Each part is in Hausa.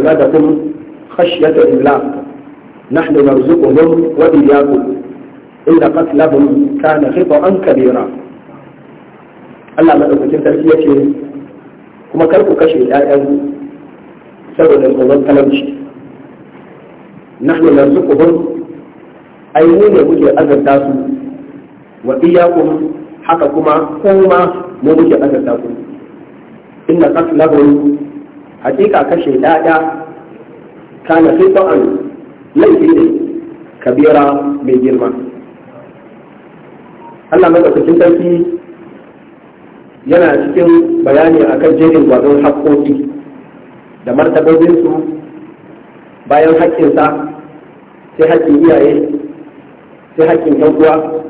أولادكم خشية إملاق نحن نرزقهم وإياكم إن قتلهم كان خطأ كبيرا الله ما أفكر تركية كما كان كشف الآيان سوى للقوان تلمشي نحن نرزقهم أيون يوجد أذر داسو وإياكم حقكما كوما موجد أذر داسو إن قتلهم hakika kashe ɗaɗa kana fi ba'an laifi ne kabira mai girma allah madaukakin sarki yana cikin bayani akan jerin gwazon haƙƙoƙi da martabobinsu bayan haƙƙinsa sai haƙƙin iyaye sai haƙƙin yan uwa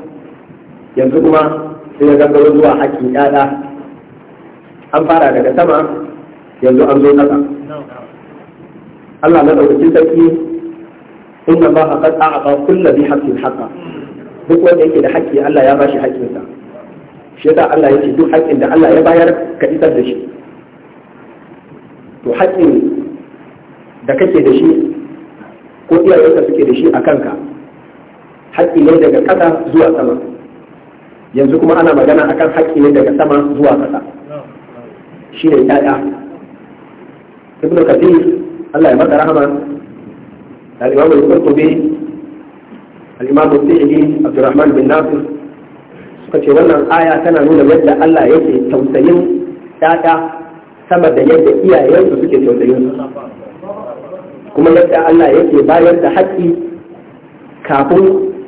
yanzu kuma sai ya gangaro zuwa haƙƙin 'ya'ya an fara daga sama yanzu an zo kasa Allah na ɗaukacin sarki inna ba a kan a ba kulla bi haƙƙin haƙa duk wanda yake da haƙƙi Allah ya bashi haƙƙinsa shi yasa Allah ya ce duk haƙƙin da Allah ya bayar ka isar da shi to haƙƙin da kake da shi ko iyayenka suke da shi a kanka haƙƙi ne daga ƙasa zuwa sama yanzu kuma ana magana akan haƙƙi ne daga sama zuwa ƙasa shi ne ƴaƴa. ibn kathir Allah ya masa rahama al-imam al-qurtubi al-imam al-sa'idi abdurrahman bin nasir suka ce wannan aya tana nuna yadda Allah yake tausayin ƴaƴa sama da yadda iyayensu suke tausayin su kuma yadda Allah yake bayar da haƙƙi kafin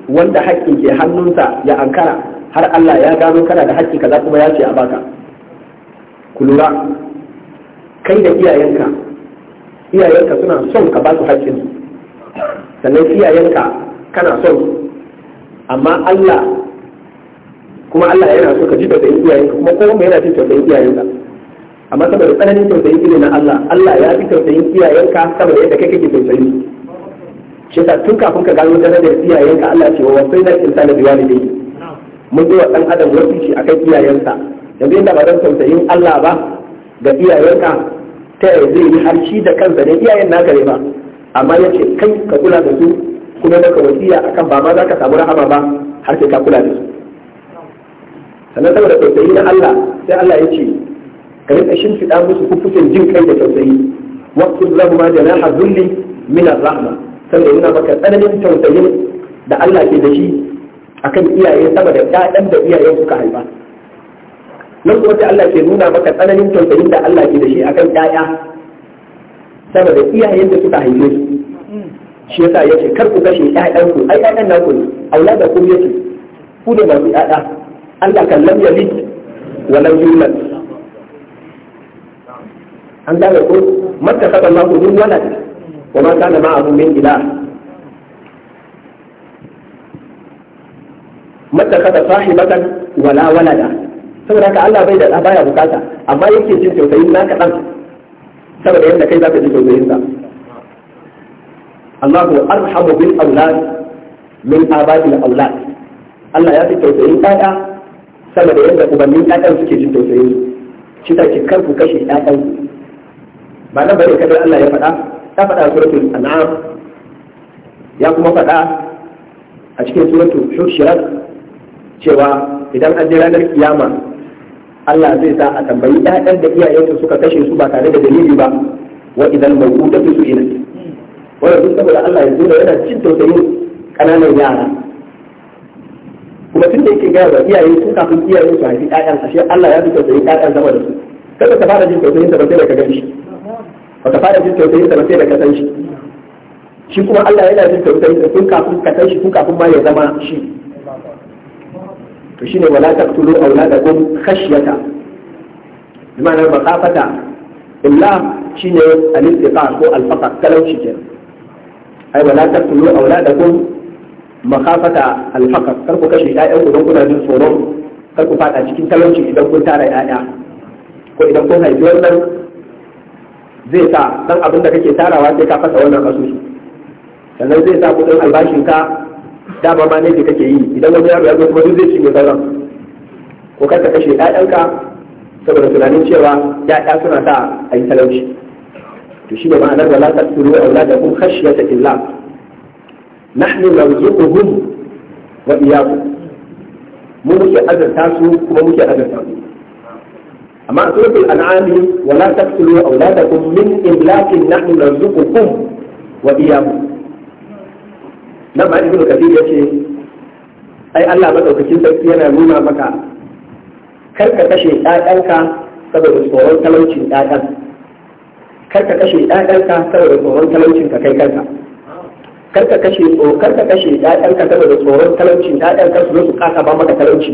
wanda haƙƙin ke hannunsa ya ankara har Allah ya gano kana da haƙƙi kaza kuma ya ce a baka ku lura kai da iyayenka iyayenka suna son ka ba su haƙƙin sannan iyayenka kana son amma Allah kuma Allah yana so ka ji tausayin iyayenka kuma mai yana cin tausayin iyayenka amma saboda tsananin tausayin irin na Allah Allah ya fi tausayin iyayenka saboda yadda kai kake tausayin shi ta tun kafin ka gano da iyayenka Allah ce wa wasai na insana da yawa dai mun yi wa ɗan adam shi akan iyayensa yanzu yadda ba zan tausayin Allah ba ga iyayenka ta yaya zai yi har shi da kansa ne iyayen na ne ba amma ya ce kai ka kula da su kuma maka wasiya akan ba ma za ka samu rahama ba har sai ka kula da su sannan saboda tausayi na Allah sai Allah ya ce ka rinka shimfiɗa musu kufufin jin kai da tausayi waqtul lahum da dhulli min ar-rahma saboda yana maka tsananin tausayin da Allah ke da shi akan iyaye saboda 'ya'yan ƴaƴan da iyayen suka haifa nan kuma sai Allah ke nuna maka tsananin tausayin da Allah ke da shi akan ƴaƴa saboda iyayen da suka haife su shi yasa yace kar ku kashe ku ai ƴaƴan ku ne aulada ku yace ku da ku ƴaƴa Allah kan lam yalid wa lam yulad an gane ko matta kada ma ku min wala wa ma kana abun min ila matta kada sahibatan wala walada saboda haka Allah bai da ɗa baya bukata amma yake jin tausayin na kaɗan saboda yadda kai za ka ji tausayin sa ko arhamu bil aulad min al aulad Allah ya fi tausayin ɗaya saboda yadda ubannin ɗayan suke jin tausayin su shi ta kar ku kashe ɗayan ba nan bane kadar Allah ya faɗa ta faɗa suratul an'am ya kuma faɗa a cikin suratul shushirat cewa idan an je ranar kiyama Allah zai sa a tambayi ƴaƴan da iyayensu suka kashe su ba tare da dalili ba wa idan su ina wanda duk saboda Allah ya nuna yana cin tausayin ƙananan yara kuma tun da yake gaya wa iyaye su kafin iyayen su haifi ƴaƴan ashe Allah ya fi tausayi ƴaƴan sama da su kada ka fara jin tausayin sa ba sai da ka gan shi ba ka fara jin tausayin sa ba sai da ka san shi shi kuma Allah yana jin tausayin sa tun kafin ka san shi tun kafin ma ya zama shi to shine wala taqtulu auladakum khashyata bima'ana makafata illa shine al-istiqa ko al-faqa talauci kenan ai wala taqtulu auladakum makafata al-faqa kar ku kashe ƴaƴan ku don kuna jin tsoro, kar ku fada cikin talauci idan kun tara ƴaƴa ko idan kun haifi wannan zai sa dan abin da kake tarawa sai ka fasa wannan asusu sannan zai sa kudin albashinka dama ma ne kake yi idan wani yaro ya zo kuma duk zai cinye sauran ko kar ka kashe ƴaƴanka saboda tunanin cewa ƴaƴa suna da a yi talauci to shi ne ma'anar wala ta a da kun auladakum khashyata illa nahnu narzuquhum wa iyyakum mu muke azurta su kuma muke azurta su amma a suratul an'ami wala ta a da kun min imlakin nahnu narzuqukum wa iyyakum nan ba ibn kabir ya ce ai Allah madaukakin sarki yana nuna maka kar ka kashe ɗaɗanka saboda tsoron talaucin ɗaɗan kar ka kashe ɗaɗanka saboda tsoron talaucin ka kai kanka kar ka kashe tso kar ka kashe ɗaɗanka saboda tsoron talaucin ɗaɗanka su zo su kasa ba maka talauci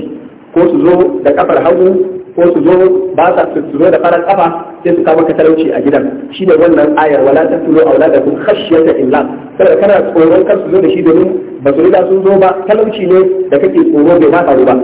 ko su zo da kafar hagu ko su zo ba su zo da farar kafa sai su kawo talauci a gidan shi da wannan ayar wala ta tulo a wala da kun khashiyata illa saboda kana tsoron su zo da shi domin ba su riga sun zo ba talauci ne da kake tsoro bai ba faru ba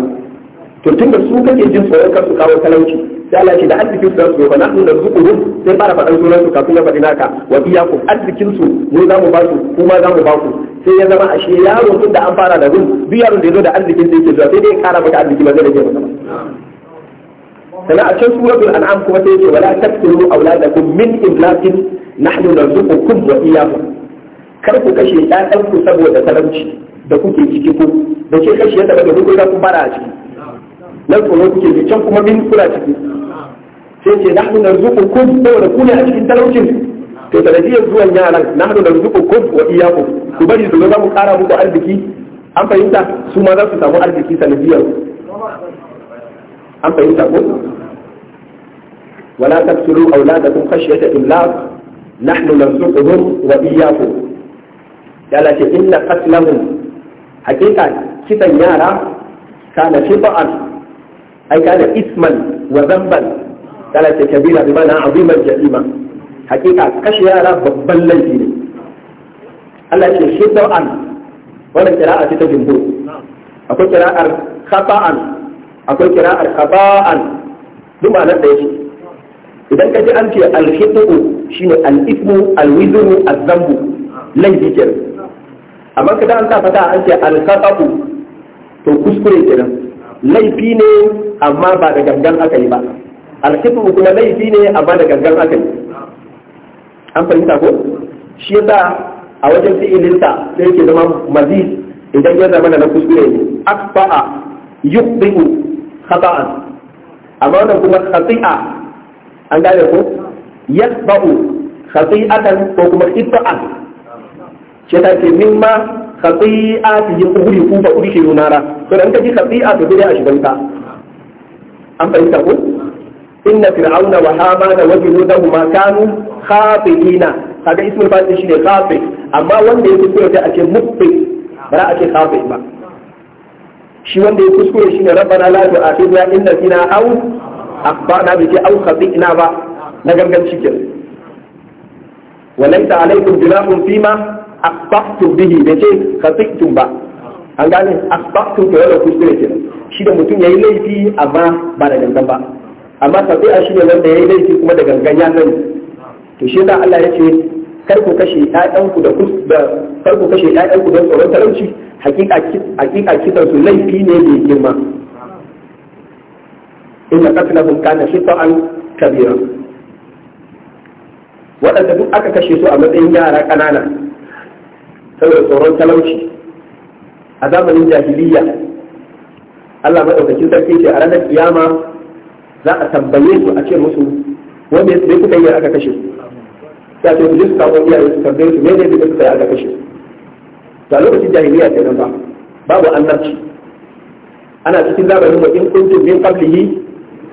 to tun da su kake jin tsoron su kawo talauci sai Allah ce da arzikin su su ba nahnu narzuquhum sai fara faɗan sunan su kafin ya faɗi naka wa iyyakum arzikin su mu za mu ba su kuma za mu ba ku sai ya zama ashe yaro tun da an fara da rum duk yaron da ya zo da arzikin sai yake zuwa sai dai ya kara maka arziki ba zai rage maka ba sana a can suratul an'am kuma sai ce wala taqtulu auladakum min imlaqin nahnu narzuqukum wa iyyakum kar ku kashe ƴaƴan ku saboda talauci da kuke ciki ku da ke kashe yadda da kuka ku bara a ciki nan tsoro kuke ji can kuma min kula ciki sai ce nahnu narzuqukum saboda ku ne a cikin talaucin to sanadiyar zuwan yaran nahnu narzuqukum wa iyyakum ku bari su za mu kara muku arziki an fahimta su ma za su samu arziki sanadiyar أم فإنتقل ولا تقتلوا أولادكم خشية إملاق نحن نرزقهم وإياكم قال إن قتلهم حقيقة كتا يارا كان خطأ أي كان إثما وذنبا قال كبيرة بمعنى عظيما جريما حقيقة كش يارا ببن لجين قال خطأ وانا قراءة تجنبو أقول قراءة خطأ akwai kira haba'an duk nan da yake idan ka ji an ce alhidu shi ne al'ifu alwizuru azambu az laifi kenan amma kada an sa fata an ce alhaba'u to kuskure kenan laifi ne amma ba da gangan aka yi ba alhidu kuma laifi ne amma da gangan aka yi an fahimta ko shi yasa a wajen fi'ilinsa sai yake zama maziz idan ya zama na kuskure ne akfa'a yuqdi'u khata'an amma wannan kuma khati'a an gane ko yasba'u khati'atan ko kuma ibta'an shi ta ce mimma khati'atihim uhriqu fa udkhilu nara to dan kaji khati'a to dai a shigan ta an fahimta ko inna fir'auna wa hamana wa ma kanu khati'ina kaga ismul fa'il shine khati' amma wanda yake kuma ta a ce ba za a ce khati' ba shi wanda ya kuskure shi ne rabbana la tu'akhidna in nasina aw akhtana bi au aw khati'na ba na ganganci kenan walaysa alaykum junahun fima akhtatu bihi da ce khati'tum ba an gane akhtatu to yana kuskure ce shi da mutum yayi laifi amma ba da gangan ba amma tabi'a shi ne wanda yayi laifi kuma da gangan ya sani to shi da Allah ya ce kar ku kashe ƴaƴanku da kar ku kashe don tsoron talauci hakika kisan su laifi ne mai girma inna qatlahum kana shita'an kabira waɗanda duk aka kashe su a matsayin yara ƙanana saboda tsoron talauci a zamanin jahiliya Allah maɗaukakin sarki ce a ranar kiyama za a tambaye su a ce musu wanda ya kuka yi aka kashe su ta ce ku je su kamo iyaye su tambaye su mene ne da suka yi aka kashe su da lokacin jahiliya ke nan ba babu annabci ana cikin zamanin wa in kuntum min qablihi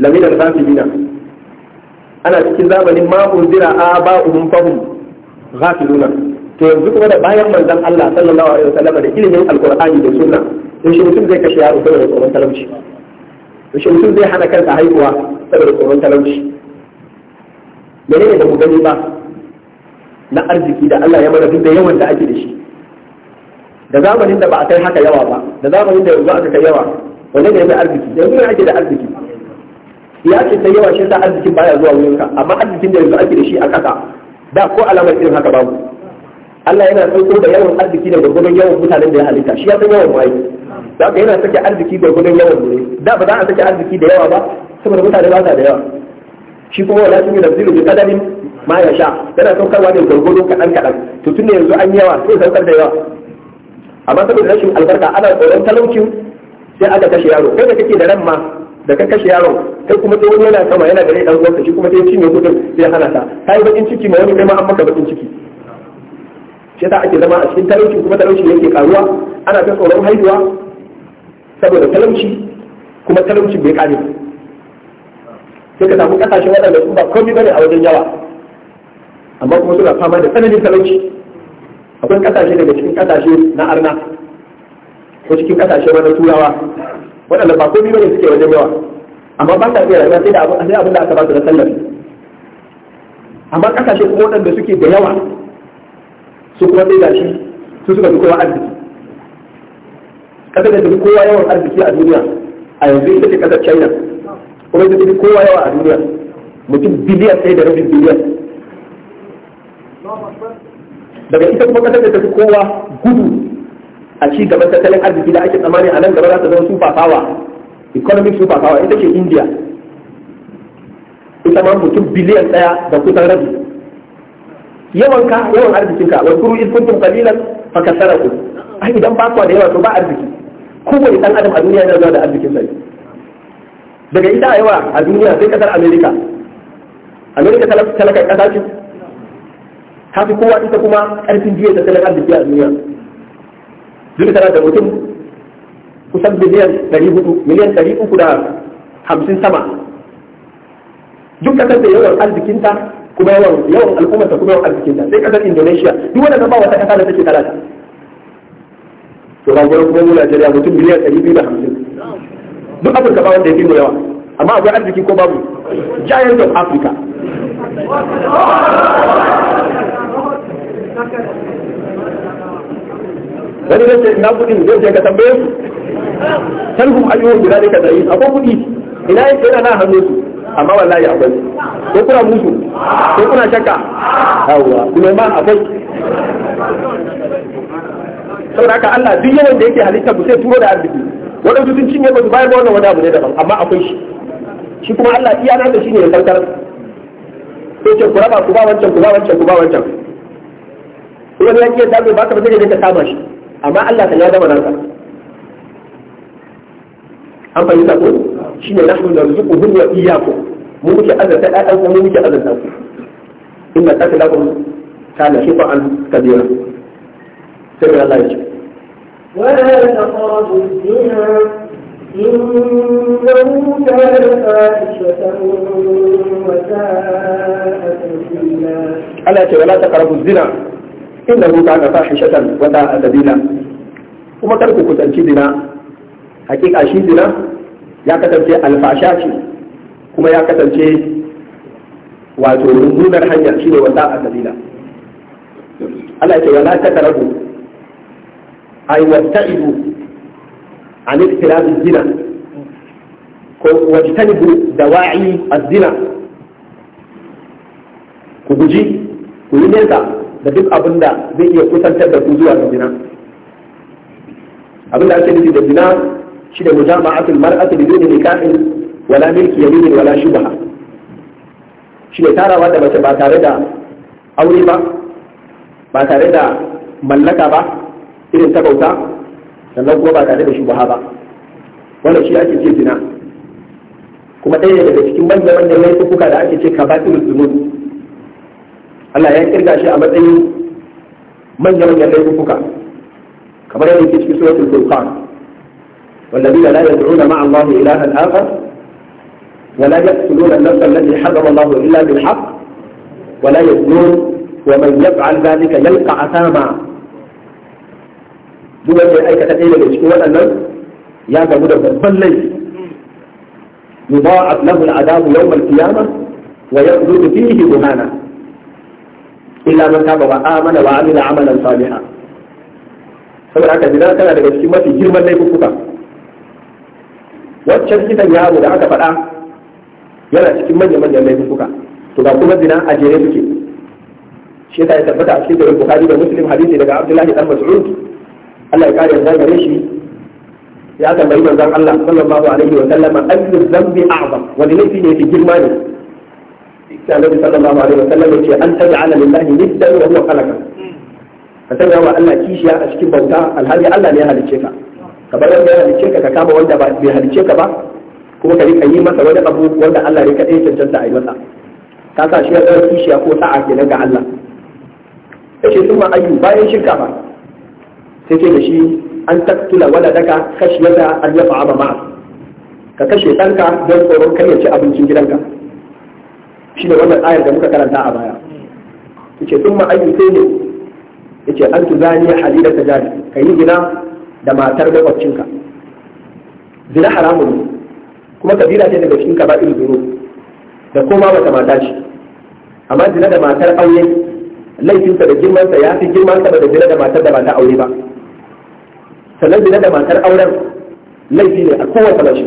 lamina al-ghafilina ana cikin zamanin ma unzira aba'uhum fahum ghafiluna to yanzu kuma da bayan manzon Allah sallallahu alaihi wasallam da ilimin alqur'ani da sunna to shi mutum zai kashe yaro saboda tsoron talauci to shi mutum zai hana kansa haihuwa saboda tsoron talauci menene da mu gani ba na arziki da Allah ya mana duk da yawan da ake da shi da zamanin da ba a kai haka yawa ba da zamanin da yanzu aka kai yawa wanda ne mai arziki da yanzu ake da arziki ya ce sai yawa shi sa arzikin baya zuwa wurinka amma arzikin da yanzu ake da shi a ƙasa da ko alamar irin haka babu Allah yana sauko da yawan arziki da gwargwadon yawan mutanen da ya halitta shi ya san yawan waye da haka yana sake arziki gwargwadon yawan ne da ba za a sake arziki da yawa ba saboda mutane ba sa da yawa shi kuma wala sun yi naziru bi kadarin ma ya sha yana saukarwa ne gwargwado kaɗan kaɗan to tun da yanzu an yi yawa sai saukar da yawa amma saboda rashin albarka ana tsoron talaucin sai aka kashe yaro kai da kake da ran ma da ka kashe yaro kai kuma sai wani yana sama yana gare ɗan uwansa shi kuma sai cinye kudin sai hana ta yi bakin ciki ma wani kai ma an maka bakin ciki shi ta ake zama a cikin talauci kuma talauci yake karuwa ana ta tsoron haihuwa saboda talauci kuma talauci bai kare sai ka samu kasashen waɗanda su ba komi bane a wajen yawa amma kuma suna fama da tsananin talauci akwai kasashe daga cikin kasashe na arna ko cikin kasashe wani turawa waɗanda ba komi bane suke wajen yawa amma ba ta iya rayuwa sai da abu abin da aka ba su na tallafi amma kasashe kuma waɗanda suke da yawa su kuma sai gashi su suka fi kowa arziki kasar da kowa yawan arziki a duniya a yanzu ita ce kasar china kuma ita tafi kowa yawa a duniya mutum biliyan sai da rabin biliyan daga ita kuma kasar da tafi kowa gudu a ci gaban tattalin arziki da ake tsammani a nan gaba za ta zama super power economic super power ita ce india ita ma mutum biliyan daya da kusan rabi yawan ka yawan arzikinka wa kuru in kuntum qalilan fa kasaraku ai idan ba ku da yawa to ba arziki wani dan adam a duniya yana zuwa da arzikin sai daga ita a yawa a duniya sai kasar Amerika ta talakar kasa ce ta fi kowa ita kuma karfin jiya tattalin arziki a duniya duk tana da mutum kusan miliyan 400 miliyan 350 sama duk kasar da yawan arzikinta kuma yawan yawan al'ummarta kuma yawan arzikinta sai kasar Indonesia duk wanda ba wata kasa da take talata to ga gurin kuma mu Najeriya mutum miliyan 250 duk afirka ba wanda ya fi mu yawa amma akwai arziki ko babu giant of africa wani zai ce ina kudin zai ce ka tambaye su tarhum guda ne ka zai akwai kudi ina yake yana na hannu su amma wallahi akwai ko kuna musu ko kuna shakka yawa kuma ma akwai saboda haka Allah duk yawan da yake halitta ku sai turo da arziki waɗansu sun cinye ba bayan wannan wani abu ne daban amma akwai shi shi kuma Allah iya nan da shi ne ya saukar sai ce ku raba ku ba wancan ku ba wancan ku ba wancan wani ya kiyar tabi ba ka fita ne ka kama shi amma Allah kan ya gama ka. an fahimta ko shi ne nahnu ya wa iyyakum mu muke azarta ɗaɗan ku mu muke azarta ku inna shi ba an kabira sai Allah ya ce ولا تقربوا الزنا إنه كان فاحشة وساء سبيلا ألا ولا تقربوا الزنا إنه كان فاحشة وساء سبيلا kuma kar ku kusanci zina hakika shi zina ya kasance alfasha ce kuma ya kasance wato mummunar hanya shi ne wata a dalila Allah ya ce wala ta karabu ay wastaidu an iktirab az-zina ko wajtanibu dawa'i az-zina ku guji ku yi nesa da duk abinda zai iya kusantar da ku zuwa ga zina Abinda da ake nufi da zina shi da mujama'atul mar'ati bi duni nikahin wala milki yamin wala shubha shi ne tarawa da mace ba tare da aure ba ba tare da mallaka ba irin ta bauta sannan kuma ba tare da shubaha ba wannan shi ake ce zina kuma ɗaya daga cikin manyan manyan laifuka da ake ce kaba'ir zunub Allah ya kirga shi a matsayin manyan manyan laifuka kamar yadda yake cikin suratul furqan والذين لا يدعون مع الله إلها آخر ولا يقتلون النفس التي حرم الله إلا بالحق ولا يزنون ومن يفعل ذلك يلقى أثاما duk wanda ya aikata ɗaya daga cikin waɗannan ya gamu da babban laifi yudha'af lahu al'adabu yawm al-qiyamah wa yakhludu fihi muhana illa man taba wa amana wa amila amalan salihan saboda haka zina tana daga cikin mafi girman laifuka waccan kitan yaro da aka faɗa yana cikin manya-manyan laifuka to ga kuma zina a jere suke shi ya tabbata a cikin da bukari da muslim hadisi daga abdullahi dan mas'ud Allah ya kare da gare shi ya tambayi manzon Allah sallallahu alaihi wa sallam ayyu dhanbi a'zam wani laifi ne fi girma ne sai Annabi sallallahu alaihi wa sallam yace an taj'ala lillahi niddan wa huwa khalaqa ka sanya wa Allah kishiya a cikin bauta alhali Allah ne ya halicce ka kamar wanda ya halicce ka ka kama wanda bai halicce ka ba kuma ka rika yi masa wani abu wanda Allah ne kadai ya cancanta a yi masa ka sa shi ya tsara kishiya ko sa'a kenan ga Allah yace sun ma ayyu bayan shirka ba yake da shi an taktula wala daga yadda an yafa ama ma'a ka kashe ɗanka don tsoron kar ya ci abincin gidanka shi ne wannan ayar da muka karanta a baya yace sun ma ayyu sai ne ce an tuzani halila ta jari ka yi gina da matar makwabcinka zina haramun ne kuma kabila ce daga cikin kaba'ir zuru da koma bata mata shi. amma zina da matar aure laifinsa da girmansa ya fi girmansa ba da zina da matar da ba ta aure ba sannan zina da matar auren laifi ne a kowace bashi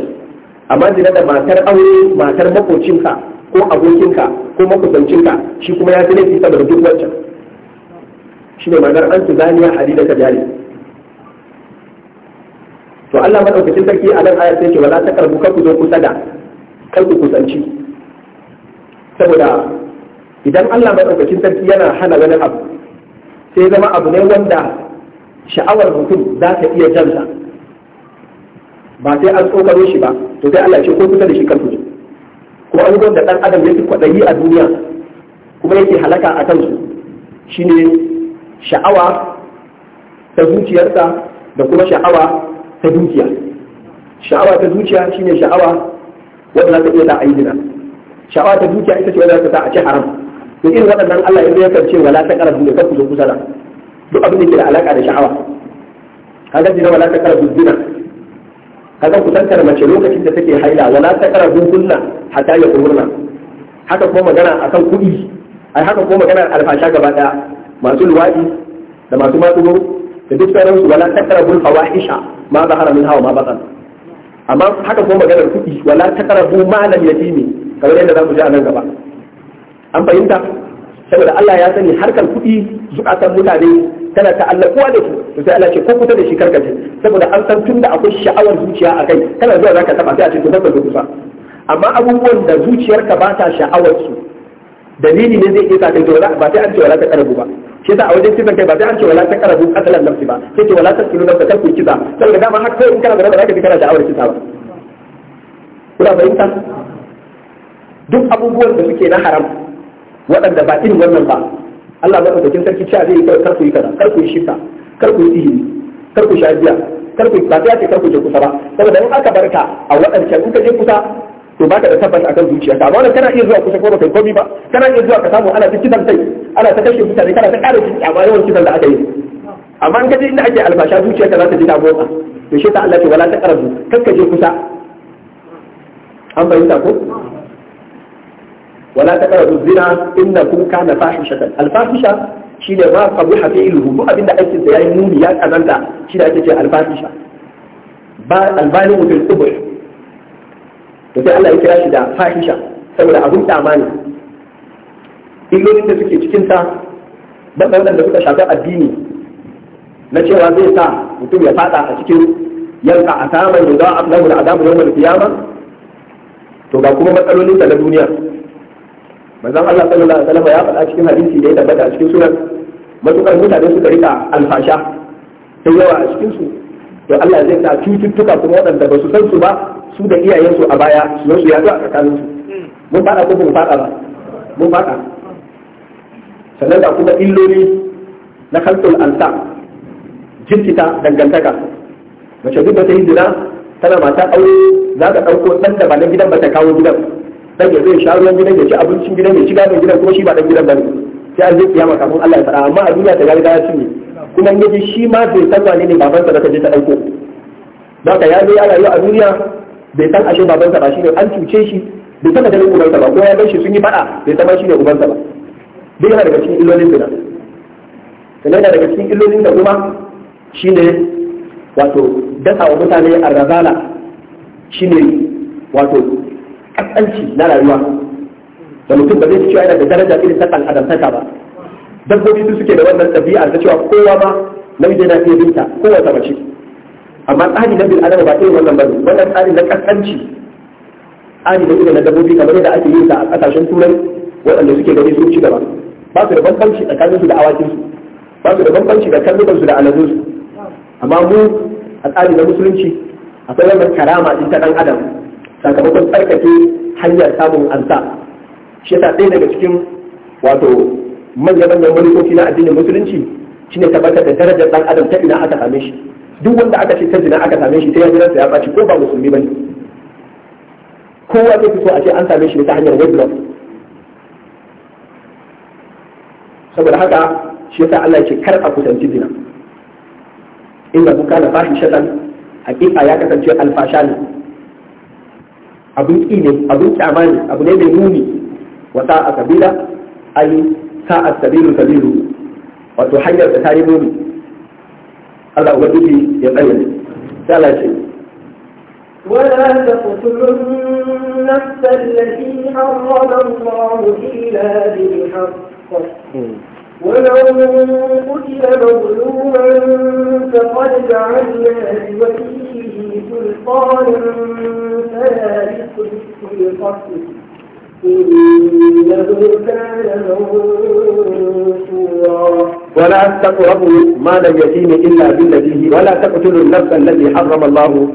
amma zina da matar aure matar makocinka ko abokinka ko makusancinka shi kuma ya fi laifi saboda duk wancan shi ne ma'anar an tuzaniya hali da kajari to Allah madaukakin sarki a nan ayat yake wala takarbu kar ku zo kusa da kar ku kusanci saboda idan Allah madaukakin sarki yana hana wani abu sai zama abu ne wanda sha'awar mutum za ta iya jansa ba sai an tsokaro shi ba to sai Allah ya ce ko kusa da shi kan kuje kuma abubuwan da dan adam yake kwadayi a duniya kuma yake halaka a kansu shine sha'awa ta zuciyarsa da kuma sha'awa ta dukiya sha'awa ta zuciya shine sha'awa wanda za ta iya da aidina sha'awa ta dukiya ita ce wanda za ta a ci haram to irin waɗannan Allah ya zo ya kance wala ta karabu ne kan ku zo kusa da duk abin da ke da alaka da sha'awa kaga jira wala ta karabu zina kaga kusantar mace lokacin da take haila wala ta karabu kunna hatta ya kurna haka kuma magana akan kuɗi ai haka kuma magana alfasha gaba daya masu luwadi da masu matsugo da duk sauransu wala ta karabu fawahisha ma zahara min hawa ma batan amma haka kuma maganar kuɗi wala ta karabu malam yatimi kamar yadda za mu ji a nan gaba an fahimta saboda Allah ya sani harkar kuɗi zukatan mutane tana ta'allakuwa da su to sai Allah ce ko kusa da shi karkace saboda an san tunda akwai sha'awar zuciya a kai kana zuwa zaka taba sai a ce to ka zo kusa amma abubuwan da zuciyarka ba ta sha'awar su dalili ne zai iya sa kai to ba sai an ce wala ta karabu ba shi yasa a wajen kisan kai ba sai an ce wala ta karabu asalan nafsi ba sai ce wala ta kulu nafsa kar ku kisa saboda dama har kai in kana da zaka ji kana sha'awar kisa ba kuna fahimta duk abubuwan da suke na haram waɗanda ba irin wannan ba Allah ba ɗaukakin sarki cewa zai yi kar ku yi kaza kar ku yi shirka kar ku yi sihiri kar ku sha biya kar ku ba sai ce kar ku je kusa ba saboda in aka barka a waɗancan in ka je kusa to baka da tabbas akan zuciya ka wannan kana iya zuwa kusa ko baka komi ba kana iya zuwa ka samu ana ta kidan kai ana ta kashe mutane kana ta ƙara jin amma yawan kidan da aka yi amma in ka je inda ake albasha zuciya ka za ta ji damuwa to shi ta Allah ce wala ta karabu kar ka je kusa an bayyana ko ولا تقربوا الزنا إنكم كان فاحشة الفاحشة شيء ما قبح فعله duk abinda aikin sa yayi muni ya kazanta shi da ake ce alfahisha ba albalighu fil kubr to sai Allah ya kira shi da fahisha saboda abun dama ne illolin da suke cikin sa ba da suka shafi addini na cewa zai sa mutum ya fada a cikin yanka a saman da za a lahu da azabu yawmal qiyama to ga kuma matsalolin sa na duniya manzon Allah sallallahu alaihi wasallam ya faɗa cikin hadisi da ya tabbata a cikin sunan matukar mutane suka rika alfasha ta yawa a cikin su to Allah zai sa cututtuka kuma waɗanda ba su san su ba su da iyayensu a baya su su yaɗu a tsakanin su mun faɗa ko mun faɗa ba mun faɗa sannan da kuma illoli na kalkul ansa jirkita dangantaka mace duk da ta yi zina tana mata aure za ka ɗauko ɗan da ba na gidan ba ta kawo gidan dan ya zai sha ruwan gidan ya ci abincin gidan ya ci gadon gidan kuma shi ba dan gidan bane sai an zai kiyama kafin Allah ya fara amma a duniya ta ga ya cinye kuma in yaji shi ma bai san wane ne babansa da kaje ta dauko don ka ya zai ana yi a duniya bai san ashe babansa ba shine an cuce shi bai san da ubansa ba ko ya bar shi sun yi fada bai san shi ne ubansa ba duk yana daga cikin illolin da sannan yana daga cikin illolin da kuma shine wato dasa wa mutane a razala shine wato kaskanci na rayuwa da mutum ba zai ci cewa yana da daraja irin ta ɗan'adamtaka ba dabbobi su suke da wannan ɗabi'a ta cewa kowa ma namiji na fiye binta kowace mace amma tsari na bil'adama ba irin wannan bane wannan tsari na kaskanci tsari na irin na dabbobi kamar yadda ake yin sa a kasashen turai waɗanda suke gani sun ci gaba ba su da bambanci tsakanin su da awakin su ba su da bambanci da kallukan su da aladun su amma mu a tsari na musulunci akwai wannan karama din ta ɗan adam sakamakon tsarkake hanyar samun ansa shi yasa ɗaya daga cikin wato manya-manyan manufofi na addinin musulunci shine tabbatar da darajar ɗan adam ta ina aka same shi duk wanda aka ce ta jina aka same shi ta ya jiransa ya ɓaci ko ba musulmi ba ne kowa zai fi so a ce an same shi ne ta hanyar wedlock saboda haka shi yasa Allah ya ce kar a kusanci zina inda kuka na fashi shatan hakika ya kasance alfasha ne abin ki ne abin kyama ne abu ne mai nuni wa sa'a kabila ai sa'a sabilu sabilu wato hanyar da ta yi muni Allah ubangiji ya tsaya sai Allah ce ولا تقتلوا النفس التي حرم الله إلا بالحق ولو قتل مظلوما فقد جعلنا لوليه سلطانا فلا في القتل ولا تقربوا مال اليتيم إلا بالذي ولا تقتلوا النفس الذي حرم الله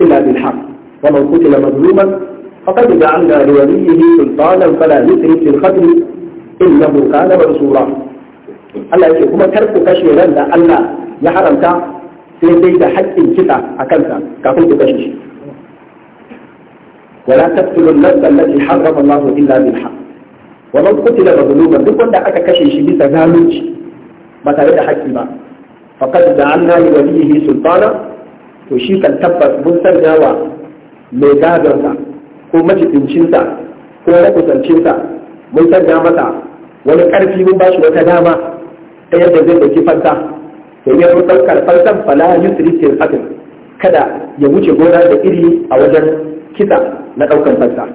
إلا بالحق ومن قتل مظلوما فقد جعلنا لوليه سلطانا فلا يسرف في القتل إنه كان منصورا Allah yake kuma kar ku kashe ran da Allah ya haramta sai dai da haƙƙin kisa a kansa kafin ku kashe shi wala taqtulu an-nafs allati harrama Allah illa bil haqq wa man qutila duk wanda aka kashe shi bisa zalunci ba tare da haƙƙi ba faqad ja'alna li waliyhi sultana to shi kan tabbas mun sanya wa mai gadonsa ko majibincinsa ko makusancinsa mun sanya masa wani ƙarfi mun ba shi wata dama ta yadda zai dauki fansa to ya fi daukar fantan fala yusri fil qatl kada ya wuce gona da iri a wajen kisa na daukar fansa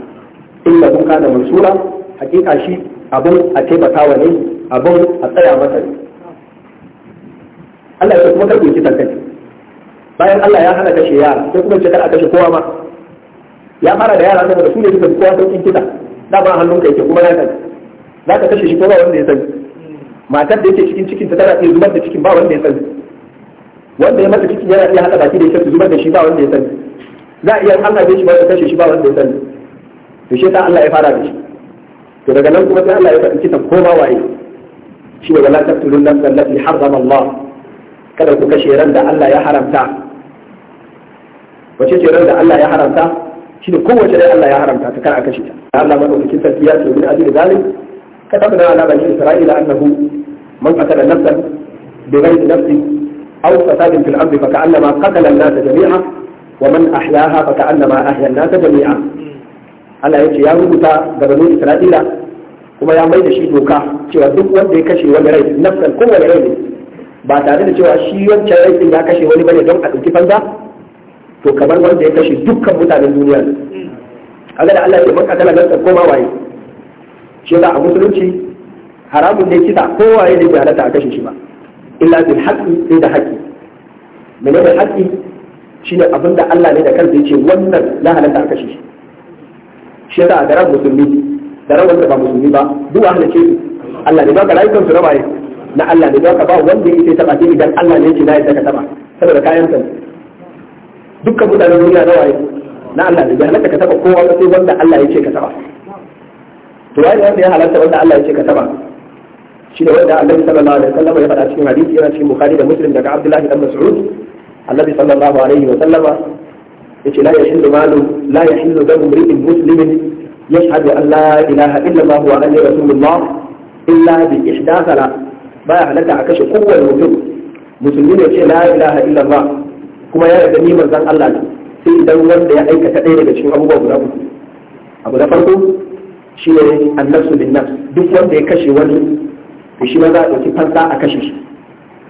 illa kun da mansura hakika shi abun a wa ne abun a tsaya masa ne Allah ya kuma karɓi kisan kai bayan Allah ya hana kashe yara sai kuma ce kar a kashe kowa ma ya fara da yara saboda su ne suka fi kowa sauƙin kisa ba hannun ka yake kuma ya kai za ka kashe shi kowa wanda ya sani matar da yake cikin cikin ta tana iya zubar da cikin ba wanda ya sani wanda ya mata cikin yana iya haɗa baki da ita zubar da shi ba wanda ya sani za a iya Allah bai shi ba ta kashe shi ba wanda ya sani to shi ta Allah ya fara da shi to daga nan kuma sai Allah ya faɗi kitan koma waye shi ne wala taqtulun nafsan allati harrama Allah kada ku kashe ran da Allah ya haramta wace ce ran da Allah ya haramta shi ne kowace rai Allah ya haramta ta kar a kashe ta Allah madaukakin sarki ya ce min ajli zalim كتبنا على بني Isra'ila, أنه من قتل نفسا بغير نفس أو فساد في الأرض فكأنما قتل الناس جميعا ومن أحياها فكأنما أحيا الناس جميعا Allah ya ce ya rubuta ga banu Isra'ila kuma ya mai da shi doka cewa duk wanda ya kashe wani rai nafsan kowane rai ne ba tare da cewa shi wancan rai din ya kashe wani bane don a ɗauki fansa to kamar wanda ya kashe dukkan mutanen duniya ne kaga da Allah ya ce man qatala nafsan ko ma waye shi da a musulunci haramun ne kisa kowaye da ke halatta a kashe shi ba illa bil haqqi sai da haqqi menene haqqi shine abin da Allah ne da kansa yace wannan la halatta a kashe shi shi yasa a garan musulmi garan ran wanda ba musulmi ba duk an ce Allah ne ba ka rayukan su rabaye na Allah ne ba ba wanda yake taba ce idan Allah ne yake na yadda ka taba saboda kayan ka dukkan mutanen duniya rawaye na Allah ne ya halatta ka taba kowa sai wanda Allah yake ka taba to wai wanda ya halatta wanda Allah yake ka taba shi ne wanda annabi sallallahu alaihi wasallam ya faɗa cikin hadisi yana cikin bukhari da muslim daga abdullahi dan mas'ud annabi sallallahu alaihi wasallama yace la yahillu malu la yahillu damu imri'in muslimin yashhadu an la ilaha illa allah wa anna rasulullah illa bi ihda ba ya halatta a kashe kowane mutum musulmi ne ce la ilaha illa allah kuma ya yarda ni manzon Allah ne sai idan wanda ya aikata ɗaya daga cikin abubuwa guda uku abu na farko shi ne annafsu bin nafs duk wanda ya kashe wani to shi ma za a ɗauki fansa a kashe shi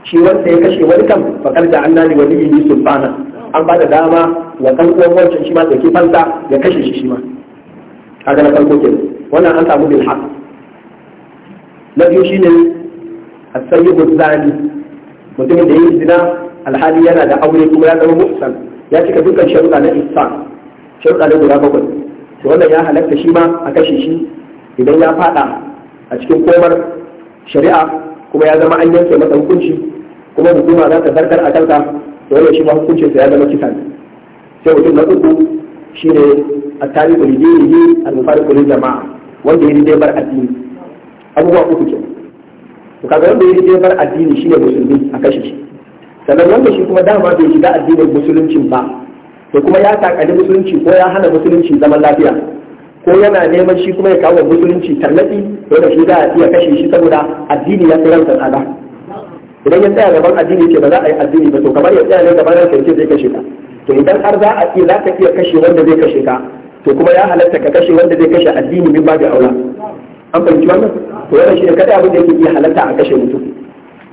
shi wanda ya kashe wani kan fakar da Allah ne wani yi sulfana an ba da dama wa kan uwan wancan shi ma ɗauki fansa ya kashe shi shi ma kaga na farko kenan wannan an samu bil haq na biyu shine as-sayyidu zani mutumin da yayi zina alhali yana da aure kuma ya zama muhsan ya cika dukkan sharuɗa na ihsan sharuɗa na guda bakwai to wannan ya halatta shi ma a kashe shi idan ya fada a cikin komar shari'a kuma ya zama an yanke masa hukunci kuma hukuma za ta zartar a kanka da wannan shi ma hukuncin sa ya zama kisa ne sai mutum na uku shine at-tariqu li dinihi al-mufariqu lil jama'a wanda ya dai bar addini abubuwa uku ke to kaga wanda ya dai bar addini shine musulmi a kashe shi sannan wanda shi kuma dama bai shiga addinin musuluncin ba to kuma ya takali musulunci ko ya hana musulunci zaman lafiya ko yana neman shi kuma ya kawo musulunci tallafi ko da shi za a iya kashe shi saboda addini ya fi ransa tsada idan ya tsaya gaban addini ce ba za a yi addini ba to kamar ya tsaya ne gaban ransa ce zai kashe ka to idan har za a iya za ka iya kashe wanda zai kashe ka to kuma ya halatta ka kashe wanda zai kashe addini min babu aula an fahimci wannan to wannan shi ne kada abin da yake iya halatta a kashe mutum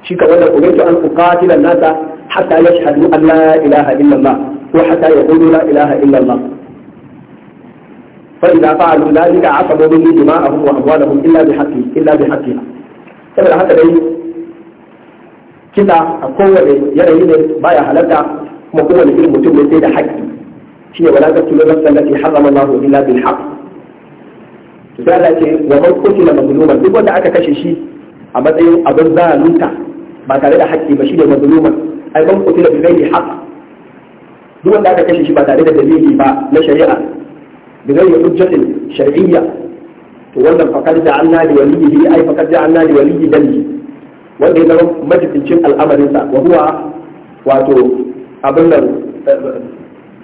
shi ka wannan ubaitu an uqatila nasa hatta yashhadu an la ilaha illallah ko hatta yaqulu la ilaha illallah فإذا فعلوا ذلك عصموا به دماءهم وأموالهم إلا بحقه إلا بحقها saboda haka dai kisa a kowane yanayi ne baya halatta kuma kowane irin mutum ne sai da haƙƙi shi ne wala taqtulu nafsan allati harrama Allahu illa bil haqq to sai Allah ce wa man qutila mazluman duk wanda aka kashe shi a matsayin abin zalunta ba tare da haƙƙi ba shi ne mazluman ai man qutila bi ghairi haƙ. duk wanda aka kashe shi ba tare da dalili ba na shari'a بغير حجة شرعية تولى فقد da an nadi فقد جعلنا لوليه fakar da an nadi waliyi الأمر wanda ya واتو أبنى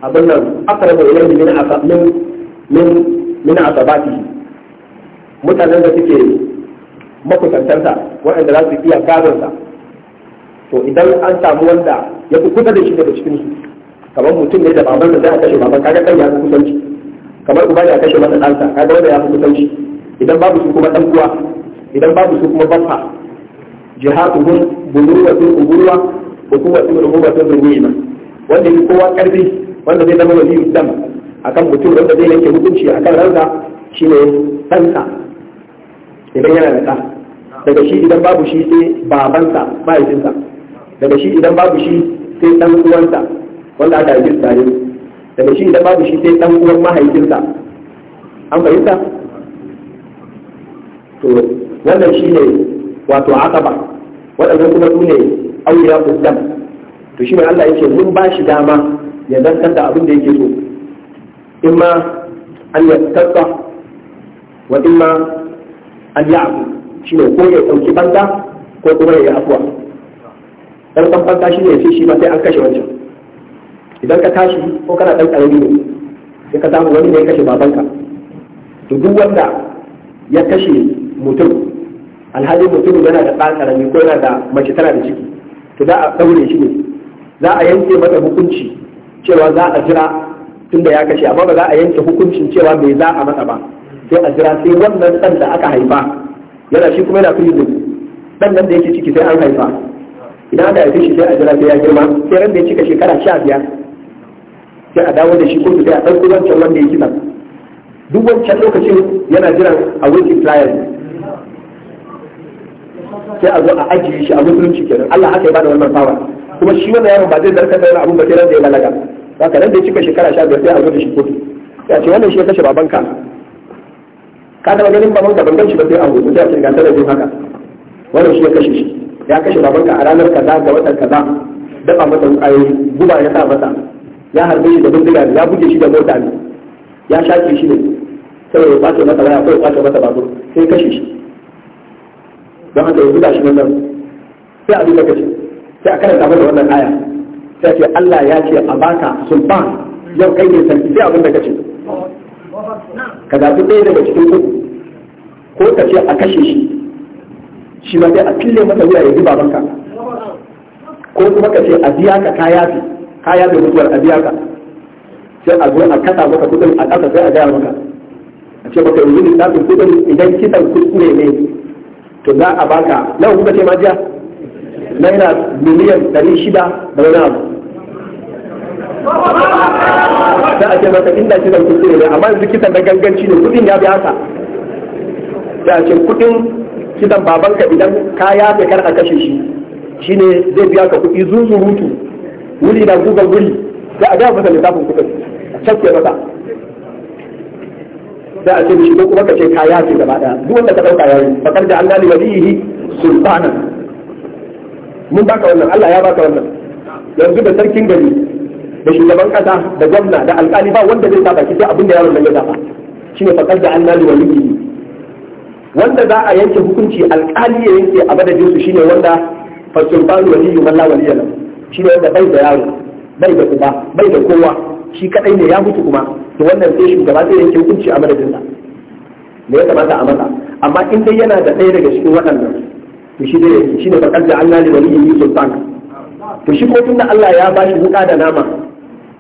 أبنى أقرب إليه wato abin nan من من عصباته ilayhi min asabin min mutanen da to idan an samu wanda ya fi kusa da shi daga cikin su kamar mutum ne da da sai a kashe baban kaga kan ya kusanci kamar uba ne a kashe masa ɗansa ga wanda ya fi kusanci idan babu su kuma ɗan uwa idan babu su kuma baffa jihaduhum bunuwatun ubuwa wa sun rububatun ma wanda yake kowa karfi wanda zai zama wajen dam akan mutum wanda zai yanke hukunci akan ransa shine ɗansa idan yana da ɗa daga shi idan babu shi sai babansa mahaifinsa daga shi idan babu shi sai ɗan uwansa wanda aka yi tare daga shi da babu shi sai dan uwan mahaifinsa an fahimta to wannan shi ne wato akaba waɗannan kuma su ne auliya uddam to shi mai Allah yake mun ba shi dama ya zantar da abin da yake so in ma an ya tsatsa wa in ma an ya abu shi ne ko ya ɗauki banza ko kuma ya yi afuwa ɗan banza shi ne ya ce shi ba sai an kashe wancan idan ka tashi ko kana ɗan ƙarami ne sai ka samu wani ne ya kashe babanka to duk wanda ya kashe mutum alhali mutum yana da ɗan ƙarami ko yana da mace tana da ciki to za a ɗaure shi ne za a yanke mata hukunci cewa za a jira tunda ya kashe amma ba za a yanke hukuncin cewa bai za a masa ba sai a jira sai wannan ɗan da aka haifa yana shi kuma yana prison ɗan nan da yake ciki sai an haifa idan aka haife shi sai a jira sai ya girma sai ran da ya cika shekara sha biyar sai a dawo da shi ko sai a ɗauko wancan wanda ya kisan duk wancan lokacin yana jiran a waiting trial sai a zo a ajiye shi a musulunci kenan Allah haka ya bada wannan fawa kuma shi wannan yaron ba zai zarka da wani abun ba sai ran da ya balaga ba nan da ya cika shekara sha biyar sai a zo da shi kotu sai a ce wannan shi ya kashe babanka ka taba ganin babanka ban shi ba sai a hoto sai a ce ga talabijin haka wannan shi ya kashe shi ya kashe babanka a ranar kaza ga watan kaza dafa masa wukayoyi guba ya sa masa ya harbe da da bindiga ya buge shi da mota ne ya shaƙe shi ne saboda ya kwace masa waya ko ya kwace masa babur sai ya kashe shi don haka ya buga shi nan sai a duka kashe sai a karanta masa wannan aya sai ce Allah ya ce a baka sulfa yau kai ne sarki sai abin da kace ka zaɓi ɗaya daga cikin uku ko ka ce a kashe shi shi ma sai a fille mata wuya ya ji babanka ko kuma ka ce a biya ka kaya fi Kaya da mutuwar a biya ka sai a zo a kasa maka kudin a kasa sai a gaya maka a ce maka yanzu lissafin kudin idan kisan kuskure ne to za a baka nawa kuka ce ma jiya naira miliyan ɗari shida da wani abu Sai a ce maka inda kisan kuskure ne amma yanzu kisan na ganganci ne kudin ya biya ka sai a ce kudin kisan babanka idan kaya yafe kar a kashe shi shine zai biya ka kuɗi zuzurutu wuri na gugan wuri da a gaya masa littafin kuɗin a cakke masa za a ce mishi ko kuma ka ce ka yafe gaba ɗaya duk wanda ka dauka yayi yi fakar da Allah ne walihi sultana. mun baka wannan Allah ya baka wannan yanzu da sarkin gari da shugaban kasa da gwamna da alƙali ba wanda zai saba kisa abin da yaron nan ya saba shine fakar da Allah wani walihi wanda za a yanke hukunci alƙali ya yanke a madadin su shine wanda fasulbanu wani man wani waliya shi ne wanda bai da yaro bai da uba bai da kowa shi kadai ne ya mutu kuma to wannan sai shugaba zai yanke hukunci a madadin sa me ya kamata a masa amma in dai yana da ɗaya daga cikin waɗannan to shi dai shi ne bakar da Allah ne waliyin Yusuf Bank to shi ko tunda Allah ya bashi wuka da nama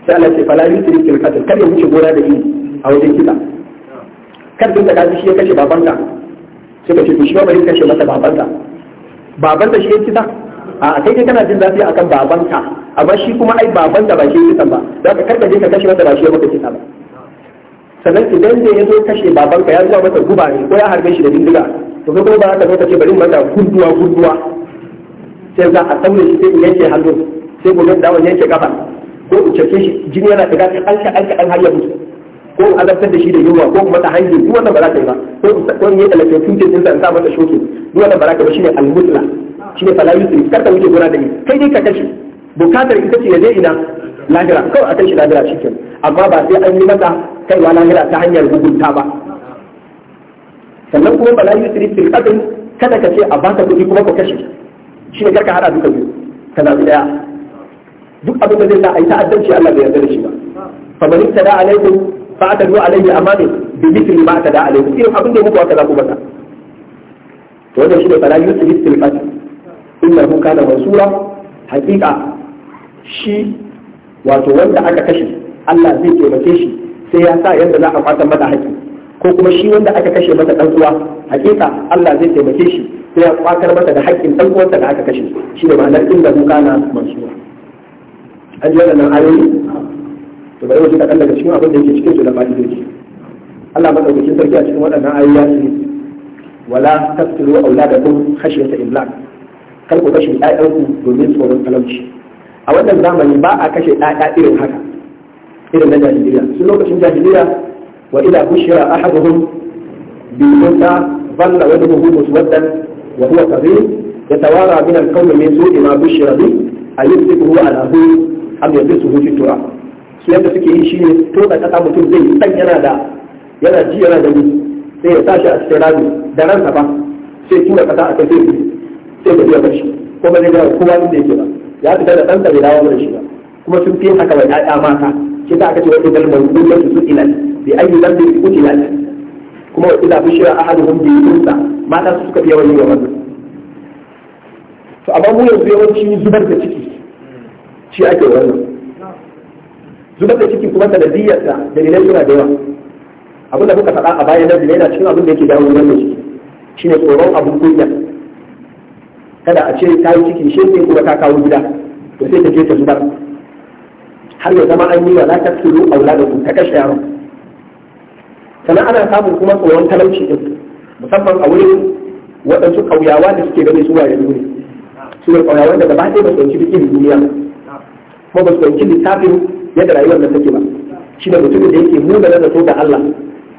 sai Allah ce fala yusri fil qatl kar ya wuce gora da shi a wajen kisa kar tunda ka shi ya kashe babanka sai ka ce to shi ba bari kashe masa babanka babanka shi ya kisa a kai kai kana jin zafi akan babanka amma shi kuma ai baban da ba shi kisan ba za ka karka je ka kashe wanda ba shi maka kisa ba sannan idan da ya zo kashe babanka ya zuwa masa guba ne ko ya harbe shi da bindiga to ko kuma ba za ka zo ka ce bari mata gunduwa gunduwa sai za a samu shi sai in yanke hannu sai gobe da wani yanke kafa ko in cece shi jini yana daga kan alka alka an har ya mutu ko in azabtar da shi da yunwa ko kuma ta hanyar duk wannan ba za ka yi ba ko in yi electrocution din sa in sa masa shoki duk wannan ba za ka ba ne al-mutla shine fala yusri kar ka wuce gona da ni kai dai ka kashe bukatar ita ce ya je ina lahira kawai a kai shi lahira cikin. amma ba sai an yi masa kaiwa lahira ta hanyar hukunta ba sannan kuma fala yusri fil qadr kada ka ce a baka kuɗi kuma ka kashe shi ne karka hada duka biyu ka zabi daya duk abin da zai sa a yi ta'addanci Allah bai yarda da shi ba fa bari ta da alaikum fa atadu alaihi amane bi mithli ma da alaikum irin abin da muku aka zaku ta. to wannan shi ne fala yusri fil qadr innahu kana mansura Haƙiƙa shi wato wanda aka kashe Allah zai taimake shi sai ya sa yadda za a kwata mata haƙi ko kuma shi wanda aka kashe mata ɗan uwa Haƙiƙa Allah zai taimake shi sai ya kwatar mata da haƙƙin ɗan uwarta da aka kashe shi ne ma'anar innahu kana mansura an ji wannan ayoyi to bari mu ji kaɗan daga cikin abin da yake cikin su da fa'idoji Allah madaukakin sarki a cikin waɗannan ayoyi ya ce wala taqtulu auladakum khashyata imlak kar ku kashe ɗayanku domin tsoron talauci a wannan zamani ba a kashe ɗaya irin haka irin na jahiliya su lokacin jahiliya wa ila bushira ahaduhum bi kunta balla wajhuhu muswaddan wa huwa kadhib yatawara min al-qawmi min su'i ma bushira bi ayyusibuhu ala hu am yabisuhu fi turab su yadda suke yi shine to da kasa mutum zai san yana da yana ji yana da ni sai ya tashi a cikin rami da ransa ba sai tura kasa a kai sai sai ka biya bashi ko ba zai ga kowa inda yake ba ya fita da ɗansa bai dawo mana shi ba kuma sun fi haka wa ƴaƴa mata shi ta aka ce wa idan mawduda su ila bi ayi kuti kutila kuma wa ila bushira ahaduhum bi unsa mata su suka biya wani ga wannan to amma mu yanzu yawanci zubar da ciki shi ake wannan zubar da ciki kuma sanadiyyarsa dalilai suna da yawa abin da muka faɗa a baya na dalilai na cikin abin da yake dawo wannan ciki shine tsoron abin kunya kada a ce ta yi ciki shi kuma ta kawo gida to sai ta je ta zubar har ya zama an yi wa wula da ku ta kashe yaron sannan ana samun kuma tsoron talauci din musamman a wurin waɗansu ƙauyawa da suke gani su waye ne su ne ƙauyawan da gaba ɗaya ba su yanki duk duniya kuma ba su yanki littafin yadda rayuwar da take ba shi da mutumin da yake muna na zato da Allah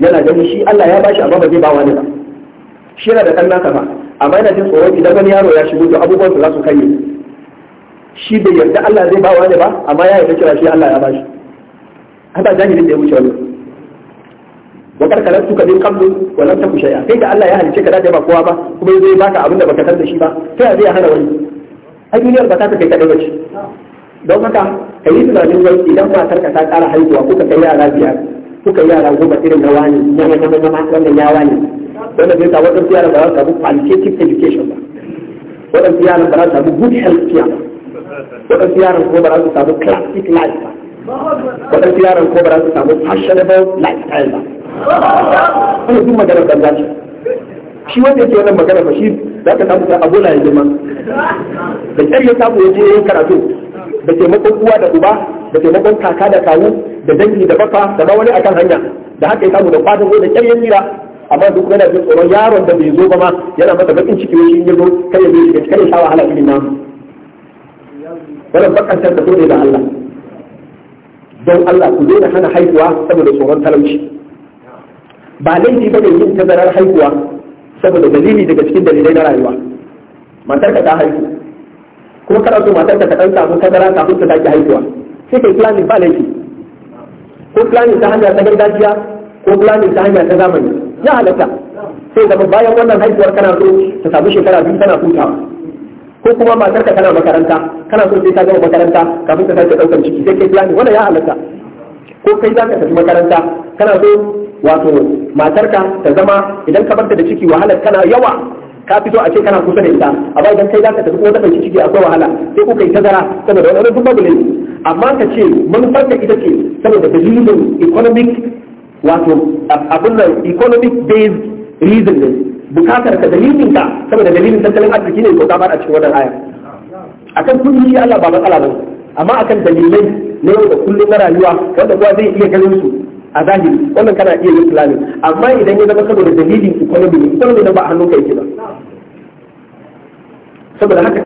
yana ganin shi Allah ya bashi amma ba zai ba wani ba shi yana da ɗan nasa ba amma yana jin tsoron idan wani yaro ya shigo to abubuwan su za su kai shi bai yarda Allah zai ba wani ba amma ya yarda cewa shi Allah ya bashi haka jahilin da ya wuce wani wa karkarar suka bin kablu wa lam taku shay'a kai da Allah ya halice ka da ba kowa ba kuma zai baka abin da baka san da shi ba yaya zai hana wani a duniyar ba ta kai kadai bace don haka ka yi tunanin wai idan ba ka ta kara haihuwa kuka kai yara biyar kuka yara goma irin na wani na na na na wannan ya wani wanda zai samu wadansu yaran ba za su samu qualitative education ba wadansu yaran ba za su samu good health care ba wadansu yaran ko ba za su samu classic life ba wadansu yaran ko ba za su samu fashionable lifestyle ba wannan duk magana banza ce shi wanda yake wannan magana ba shi za ka samu da abola ya girma da kyar ya samu ya je karatu da taimakon uwa da uba da taimakon kaka da kawu da dangi da baka da ba wani akan hanya da haka ya samu da kwadon da kyar ya tsira amma duk yana jin tsoron yaron da bai zo ba ma yana masa bakin ciki wani shi yazo kai ya zo shi kai sha wahala irin namu wannan bakantar da dole da Allah don Allah ku daina hana haihuwa saboda tsoron talauci ba laifi ba ne yin tazarar haihuwa saboda dalili daga cikin dalilai na rayuwa matar ka ta haihu kuma kana so matar ka ta dan samu tazara kafin ta take haihuwa sai kai planning ba laifi ko planning ta hanyar ta gargajiya ko planning ta hanyar ta zamani ya halatta sai zama bayan wannan haihuwar kana so ta samu shekara biyu tana hutawa ko kuma matarka tana makaranta kana so sai ta gama makaranta kafin ta sake daukar ciki sai kai planning wannan ya halatta ko kai za ka tafi makaranta kana so wato matarka ta zama idan ka barta da ciki wahala kana yawa ka fito a ce kana kusa da ita amma idan kai za ka tafi ko ta ɗauki ciki akwai wahala sai ku kai tazara saboda wani duk ne amma ka ce manufar ita ce saboda dalilin economic wato abin da economic based reason ne bukatar ka dalilin ka saboda dalilin tattalin arziki ne ko ta a cikin wannan aya akan kudi shi Allah ba matsala ba amma akan dalilai na yau da kullum na rayuwa wanda kowa zai iya ganin su a zahiri wannan kana iya yin fulani amma idan ya zama saboda dalilin economy ne economy na ba a hannun kai ba saboda haka